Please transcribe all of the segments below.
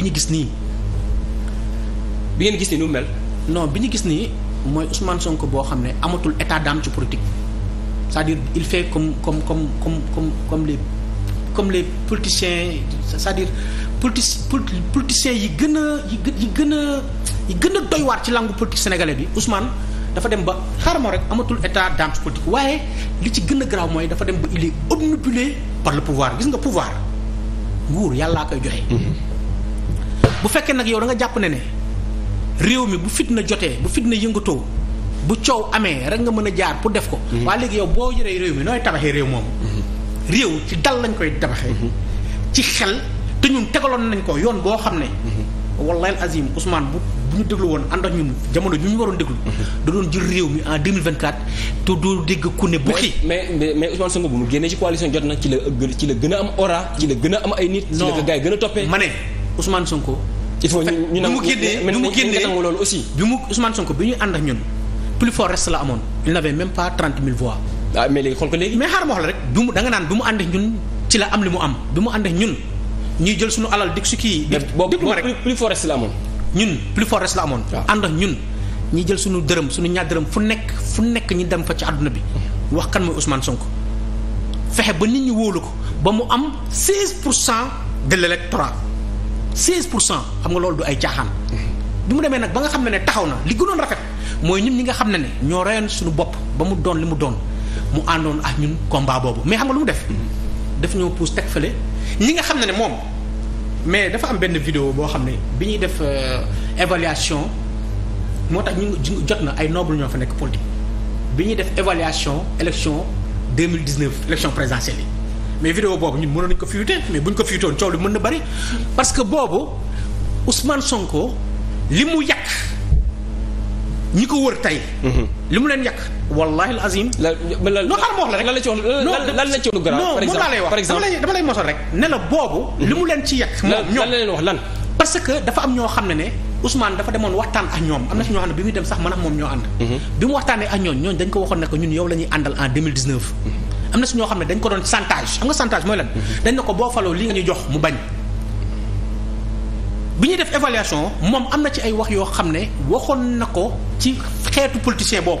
bi ñu gis nii bi ngeen gis nii nu mel non bi ñu gis nii mooy Ousmane Sonko boo xam ne amatul état d'âme ci politique c'est-à-dire il fait comme comme comme comme comme comme les comme les politiciens c'est-à-dire politic politiciens yi gën a yi gën a yi gën a doy waar ci langue politique sénégalais bi Ousmane dafa dem ba xarama rek amatul état d'âme ci politique waaye li ci gën a garaaw mooy dafa dem ba il est obnubilé par le pouvoir gis nga pouvoir nguur yàllaa koy joxe. Mm-hmm. bu fekkee nag yow danga jàpp ne ne réew mi bu fitna jotee bu fitna yëngatoo bu coow amee rek nga mën a jaar pour def ko. Mhm. waa léegi yow boo jëree réew mi nooy tabaxee réew moom. Mhm. réew ci dal lañ koy tabaxee. Mhm. ci xel te ñun tegaloon nañ ko yoon boo xam ne. wallahi azim Ousmane bu bu ñu déglu woon ànd ak ñun jamono bi ñu waroon déglu. da doon jël réew mi en 2024 te doo dégg ku ne bukki. mais mais mais Ousmane Sonko bu mu génnee ci coalition jot na ci la ci la gën a am aura. ci la gën a am ay nit. ci la gën a toppee ma ne. Ousmane Sonko. il faut ñu ñu nangu bi mu aussi. bi mu Ousmane Sonko bi ñuy ànd amoon il n'avait même pas trente mille voix. ah mais léegi xool ko léegi. la rek li mu am bi mu ànd ñun ñuy jël suñu alal dik kii. déglu ma rek plus fort ñun plus fort reste amoon. Ah. ànd ak ñun ñi jël suñu dërëm suñu ñaar dërëm fu nekk fu nekk ñi dem fa ci àdduna bi wax kan mooy Ousmane Sonko fexe ba nit ñi wóolu ko ba mu am 16 pour cent de l'électorat 16 pour cent xam nga loolu du ay caaxaan. bi mu demee nag ba nga xam ne ne taxaw na li doon rafet mooy ñun ñi nga xam ne ne ñoo reyoon suñu bopp ba mu doon li mu doon mu àndoon ak ñun combat boobu mais xam nga lu mu def. daf ñoo pousse teg fële ñi nga xam ne ne moom mais dafa am benn vidéo boo xam ne bi ñuy def euh, évaluation moo tax ñu jot na ay noble ñoo fa nekk politique bi ñuy def évaluation élection 2019 élection présidentielle yi. mais vidéo boobu ñun mënoon nañu ko fuité mais buñ ko fuitoon coow li mën na bari parce que boobu Ousmane Sonko li mu yàq ñi ko wër tey. Mhm. li mu leen yàq wallahi azim. la la wax la rek lan la ci woon lan la ci woon grand par exemple non moom laa lay wax boobu. li mu mhm. leen ci yàq. moom ñoom lan la lan. parce que dafa am ñoo xam ne ne. Ousmane dafa demoon waxtaan ak ñoom am na si ñoo xam ne bi muy dem sax man ak moom ñoo ànd. Mhm. bi mu waxtaanee ak ñoom ñooñu dañ ko waxoon ne ko ñun yow la ñuy àndal en 2019. Mhm. am na si ñoo xam ne dañ ko doon chantage xam nga chantage mooy lan. Mhm. dañ ne ko boo faloo li nga ñu jox mu bañ. bi ñuy def évaluation moom am na ci ay wax yoo xam ne waxoon na ko ci xeetu politicien boobu.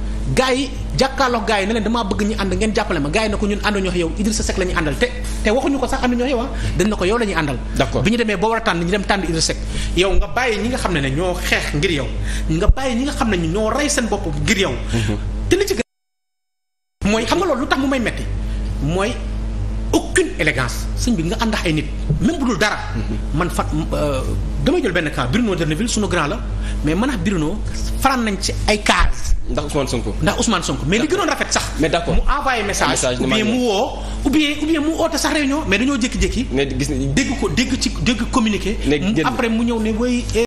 gars yi jàkkaarloog gars yi ne leen damaa bëgg ñu ànd ngeen jàppale ma gars yi ne ko ñun ànduñu wax yow Idrissa Seck la ñu àndal ko sax ànduñu wax yow ah dañ na yow la ñuy àndal bi ñu a tànn nga bàyyi ñi nga xam ne ne ñoo xeex ngir yow nga bàyyi ñi nga xam ne ñoo rey seen bopp ngir yow mhm. te li ci gën mooy xam nga mu may metti mooy aucune élégance sëñ bi nga ànd ay nit même bu dul dara mhm. man fat euh, damay jël benn cas Bruno Derneville sunu grand la mais man ak Bruno faral nañ ci ay cas ndax Ousmane Sonko. ndax Ousmane Sonko mais li gënoon rafet sax. mais d'accord mu envoyé message. ou bien mu woo ou bien ou bien mu oote sax réunion mais dañoo jékki-jékki. dégg ko dégg ci dégg communiqué. Hmm, après mu ñëw ne way eh.